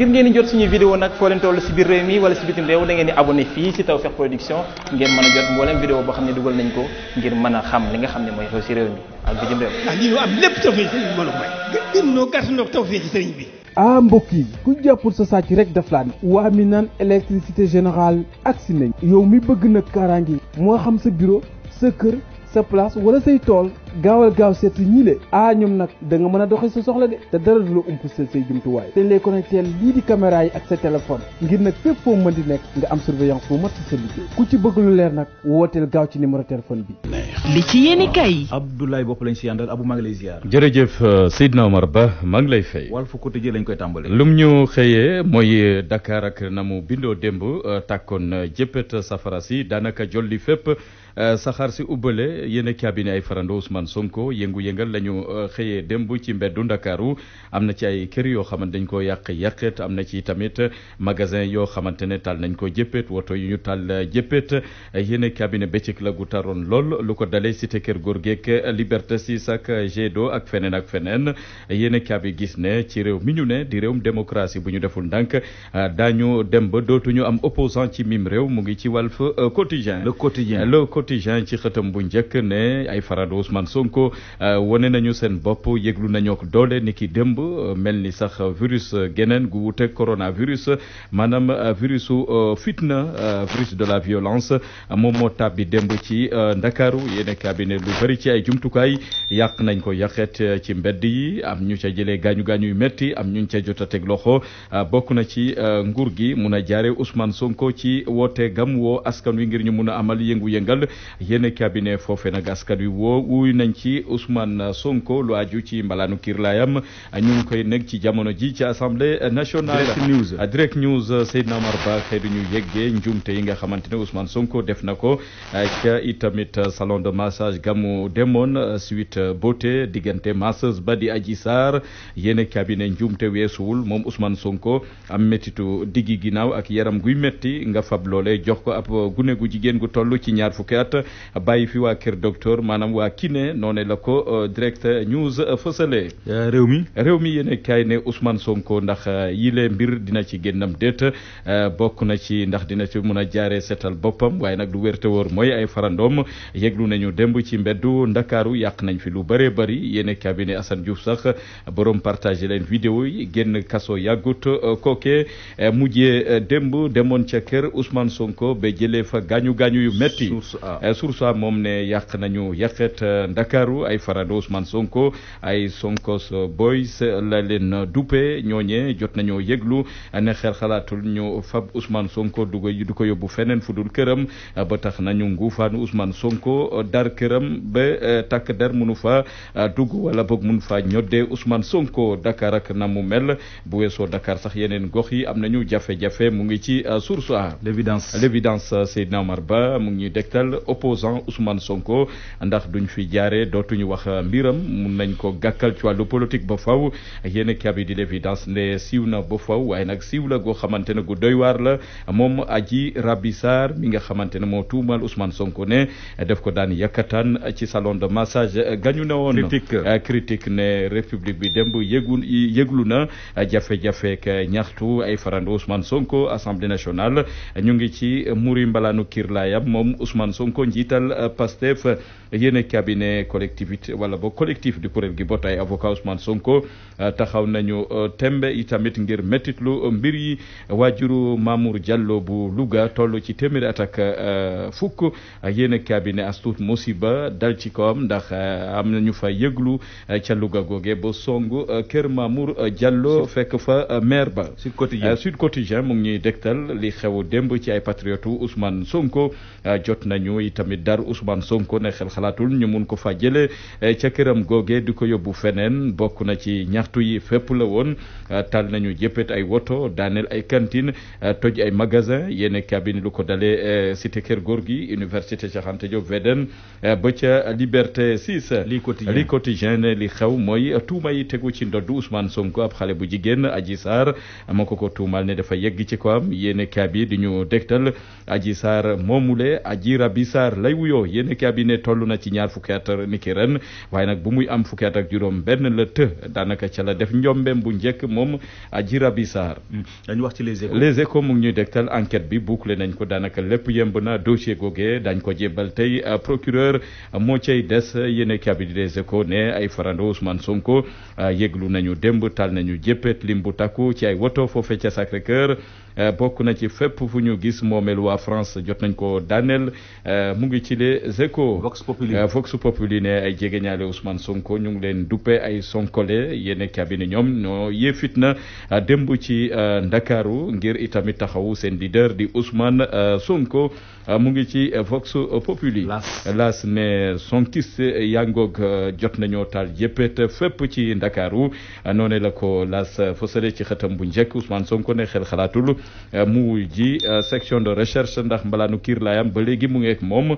ngir ngeen di jot suñu vidéo nag foo leen toll si biir réew mi wala si bitim réew da ngeen di abonné fii si Tawfekh Production ngeen mën a jot mboolem vidéo boo xam ne dugal nañ ko ngir mën a xam li nga xam ne mooy xew si réew mi ak bitim ah, ah, yi ku jàppul sa sàcc rek daf laa ne. waa mi naan électricité générale agsi nañ. yow mi bëgg nag kaaraange moo xam sa bureau sa kër sa place wala say tool gaawal gaaw seetlu ñii le ah ñoom nag da nga mën a dox si soxla de te dara du la umpaseel say jumtuwaay dañ lay connecté lii di caméra yi ak sa téléphone ngir nag fépp foo mën di nekk nga am surveillance bu mat sa liggéey ku ci bëgg leer nag wooteel gaaw ci numéro téléphone bi. li ci yéen kay. Abdoulaye bopp lañ si yàndal Abou maa ngi lay ziar. jërëjëf euh, Seydina Omar Ba mag lay fay. Walf Quotidien lañ koy tàmbalee. lum ñu xëyee mooy euh, Dakar ak na mu bindoo démb euh, tàkkoon jëppët safara si daanaka jolli fépp saxaar si ubbale yéen a cabinet ay farando Ousmane Ousmane Sonko yëngu-yëngal la ñu euh, xëyee démb ci mbeddu Ndakaaru am na ci ay kër yoo xamante dañ ko yàq yàqet am na ci tamit magasin yoo xamante ne taal nañ ko jëppet woto yu ñu taal jëppet yéen cabinet bëccëg la gu taroon lool lu ko dalee cité kër góor geek Liberté 6 ak Gédo ak feneen ak feneen yenn kabi gis ne ci réew mi ñu ne di réewum démocratie bu ñu deful ndànk daañu dem ba dootuñu am opposant ci mim réew mu ngi ci Walf Quotidien le Quotidien le Sonko euh, wane nañu seen bopp yëglu nañu ak doole ni ki démb euh, mel ni sax virus euh, geneen gu wuteeg coronavirus maanaam virusu fitna virus de la violence moom moo tàbbi démb ci Ndakaaru yéen cabinet lu bëri ci ay jumtukaay yàq nañ ko yàqet ci mbedd yi am ñu ca jëlee gaañu gaañu yu métti am ñu ca jot a loxo bokk na ci nguur gi mun a jaare Ousmane Sonko ci woote gam woo askan wi ngir ñu mun a amal yëngu-yëngal yéen cabinet foofe nag askan wi woo nañ ci Ousmane Sonko lu aju ci mbalaanu kiirlaayam ñu ngi koy nag ci jamono ji ci assemblée nationale. direct news ah, direct news euh, Seydina Omar Ba xëy ñu yeggee njumte yi nga xamante ne Ousmane Sonko def na ko ah, ca itamit euh, salon de massage gamu demoon euh, suite beauté diggante masseuse ba di Adji Sarr yéen cabinet njumte weesuwul moom usman Sonko am méttitu diggi ginnaaw ak yaram guy métti nga fab loolee jox ko ab gune gu jigéen gu toll ci ñaar fukki at bàyyi fi waa kër docteur maanaam ne noonee la ko euh, direct news fësale réew mi réew mi yéen kaay ne Ousmane Sonko ndax euh, yile mbir dina ci génnam déet euh, bokk na ci ndax dina ci mën a jaaree seetal boppam waaye nag lu wérte wóor mooy ay farandoom yeglu nañu demb ci mbeddu ndakaaru yàq nañ fi lu bëree bëri yéen kaay bi ne Assane Diouf sax borom partagé leen vidéo yi génn kaso yàggut kooke mujjee démb demoon ca kër Ousmane Sonko ba jëlee fa gaañu gaañu yu metti source a moom ne yàq nañu yàqet Ndakaaru ay farado Ousmane Sonko ay Sonkos Boys la leen dupe ñooñee jot nañoo yëglu ne xel xalaatul ñu fab usman Sonko du ko du ko yóbbu feneen fu dul këram ba tax nañu nguufaanu Ousmane Sonko dar këram ba eh, takk der munu fa eh, dugg wala boog fa ñodde Ousmane Sonko Dakar ak na mu mel bu weesoo dakaar sax yeneen gox yi am nañu jafe-jafe mu ngi ci eh, source a l'évidence l'évidence Seydina Ba mu ngi ñuy opposant Ousmane Sonko ndax duñ fi jaar jaaree dootuñu wax euh, mbiram mun nañ ko gàkkal ci wàllu politique ba faw yéen kabi di l'évidence ne siiw na ba faw waaye nag siiw la goo xamante ne gu doy waar la moom Adji Raby Sarr mi nga xamante ne moo tuumal Ousmane Sonko ne def ko daan yakkataan ci salon de massage euh, gañu ne woon euh, critique ne république bi démb yëgu yëglu na jafe-jafe ak ñaxtu ay farando Ousmane Sonko assemblée nationale ñu ngi ci muri mbalaanu kiir laayam moom Ousmane Sonko njiital Pastef yéen cabinet ne collectivité wala bo collectif di kuréel gi boot ay avocat Ousmane Sonko euh, taxaw nañu euh, tembe i tamit ngir méttitlu euh, mbir yi waajuru Mamour Diallo bu Louga toll ci téeméeri at ak fukk yéen a cabinet astuut musiba dal ci kawam ndax am nañu fa yëglu ca Louga googe ba songu kër Mamour Diallo fekk fa maire ba Sud Quotidien Sud Quotidien mu ngi ñuy dégtal li xew demb ci ay patriote Ousmane Sonko jot nañu itamit dar Ousmane Sonko ne xel xalaatul ñu fa jële e, ca këram googe di ko yóbbu feneen bokk na ci ñaxtu yi fépp la woon e, tal nañu jëppet ay woto daaneel ay cantine e, toj ay magasin yenn cabine lu ko dalee cité kër góor gi université Cheikh Anta Diop VDN ba ca Liberté 6. li quotidien li xew mooy tuuma yi tegu ci ndoddu Ousmane Sonko ab xale bu jigéen aji Sarr moo ko ko ne dafa yegg ci ko am yéen cabine di ñu dégtal Adji Sarr moomule Adji Rabi Sarr lay wuyoo yéen cabine toll na ci ñaar fukki septembre niki ren waaye nag bu muy am fukki at ak juróom benn la të daanaka ca la def njombeem bu njëkk moom Adji Raby Sarr mm. dañu wax ci les échos mu ngi ñuy dégtal enquête bi bouclé nañ ko daanaka lépp yemb na dossier googee dañ ko jébbal tey euh, procureur moo cay des yéene kabidi les échos ne ay farando Ousmane Sonko euh, yëglu nañu démb tal nañu jëppet lim bu takku ci ay woto foofe ca Sacré Cœur Euh, bokk na ci fépp fu ñu gis moomeel waa France jot nañ ko daaneel euh, mu ngi ci les échos Vox Populi euh, Vox Populi ne ay jegeñaale Sonko ñu ngi leen duppe ay sonkole yéen cabinet ñoom ñoo yee fitna démb ci Ndakaaru ngir itamit taxawu seen leader di Ousmane Sonko Euh, mu ngi ci euh, Vox euh, Populi. las ne sonkis yaa ngoog jot nañoo taal yëppet fépp ci Ndakaaru noonee la ko las fësale ci xëtam bu njëkk Ousmane Sonko ne xel xalaatul mu ji section de recherche ndax mbalaanu kiir laayam ba léegi mu ngeek moom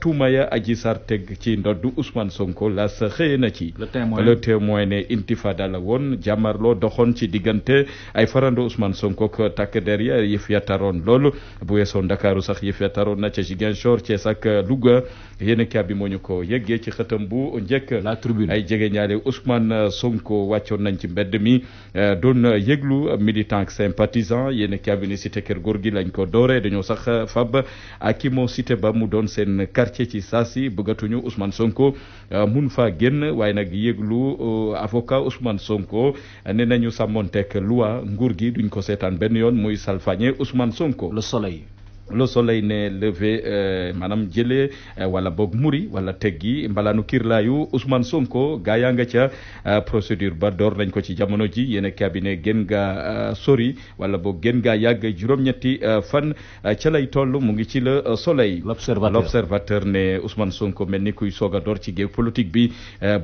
tuuma ya Adji Sarr teg ci ndoddu Ousmane Sonko las xëye na ci. le témoin ne intifada la woon jàmmarloo doxoon ci diggante ay farando Ousmane Sonko ak takk der ya yëf ya lool bu weesoo Ndakaaru sax yëf ya xaroon na ca Ziguinchor Thiès ak Louga yéen a bi moo ñu ko yëggee ci xëtam bu njëkk. la tribune ay jege ñaale Ousmane Sonko wàccoon nañ ci mbedd mi euh, doon yéglu militant ak sympathisant yéen a bi ni cité kër góor gi lañ ko dooree dañoo sax fab ak moo cité ba mu doon seen quartier ci saasi bëggatuñu Ousmane Sonko euh, mun fa génn waaye nag yéglu euh, avocat Ousmane Sonko nee nañu sàmmonteeg loi nguur gi duñ ko seetaan benn yoon muy salfañe Ousmane Sonko. Le Soleil le soleil ne levé euh, maanaam jëlee euh, wala boog muri wala teggi mbalaanu kiirlaayu usman Sonko gaa yaa nga ca uh, procédure ba door nañ ko ci jamono ji yéen cabinet gën nga uh, sori wala boog gën ngaa yàgg juróom-ñetti euh, fan euh, ca lay toll mu ngi ci le soleil. l'observateur l'observateur ne usman Sonko mel ni kuy soog a door ci géew politique bi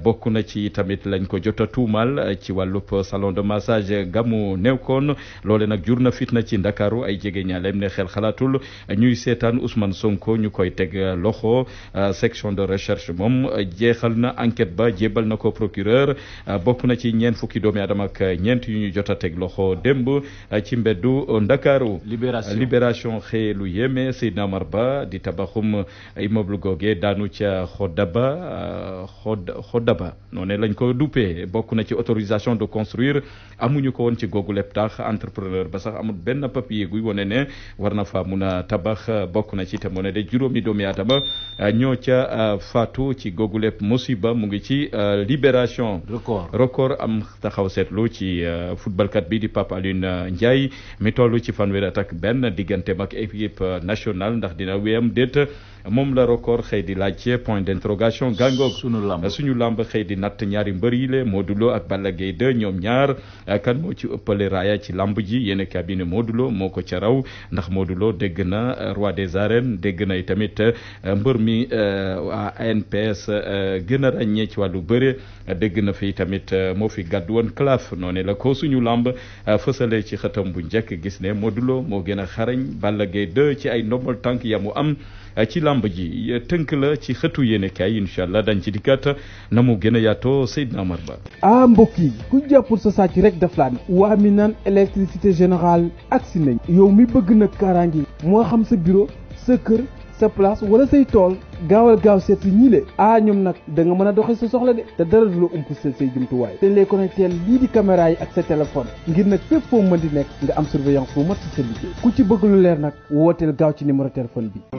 bokk na ci tamit lañ ko jot a ci wàllub salon de massage gammu néew koon loole nag jur na fitna ci Ndakaaru ay jege ñaaleem ne xel xalaatul. ñuy seetaan Ousmane Sonko ñu koy teg euh, loxo euh, section de recherche moom euh, jeexal na enquête ba jébal na ko procureur bokk na ci ñeent fukki doomi aadama ñeent yu ñu jot a teg loxo démb ci mbeddu Ndakaaru. Libération Libération xëy lu yéeme Seydina Ba di tabaxum immeuble googe daanu ca Xodaba. xod xodaba noonu lañ ko duppee bokk na ci autorisation de construire amuñu ko woon ci googu lépp tax entrepreneur ba sax amul benn papier guy wane ne war na fa mun a tabax bokk na ci te mu ne de juróomi doomi aadama euh, ñoo ca euh, faatu ci googu lépp musiba mu ngi ci euh, libération. record am taxaw seetlu ci football kat bi di Pape Alioune Ndiaye mi toll ci fanweeri at ak benn diggante ak équipe nationale ndax dina wéyam déet. moom la record xëy di laajte point d'interrogation gàngoog suñu lamb suñu lamb xëy di natt ñaari mbër yi le Modou ak Balla Gaye ñoom ñaar eh, kan moo ci ëppale raaya ci lamb ji yéen cabinet Modou Lo moo ko ca raw ndax Modou Lo dégg na eh, roi des arènes dégg na tamit eh, mbër mi waa ANPS gën a ràññee ci wàllu bëre dégg na fi tamit moo fi gàdd woon claf noone la ko suñu làmb fësale ci xëtam bu njëkk gis ne Modou moo gën a xarañ Balla Gaye ci ay ndombal tànk yamu am Eh, ci lamb ji eh, tënk la ci xëtu yéene kaay incha allah dañ ci dikkaat na mu gën a yaatoo Seydina Amar Ba. ah mbokk yi ku jàppul sa sàcc rek daf laa ne. waa mi naan électricité générale si nañ. yow mi bëgg nag kaaraange moo xam sa bureau sa kër sa place wala say tool. gaawal gaaw seet si ñii le ah ñoom nag da nga mën a doxee sa soxla de te dara du la ump seen say jumtuwaay te ñu lay lii di caméra yi ak sa téléphone ngir nag fépp foo mën di nekk nga am surveillance bu mat ku ci bëgg lu leer nag wooteel gaaw ci numéro téléphone bi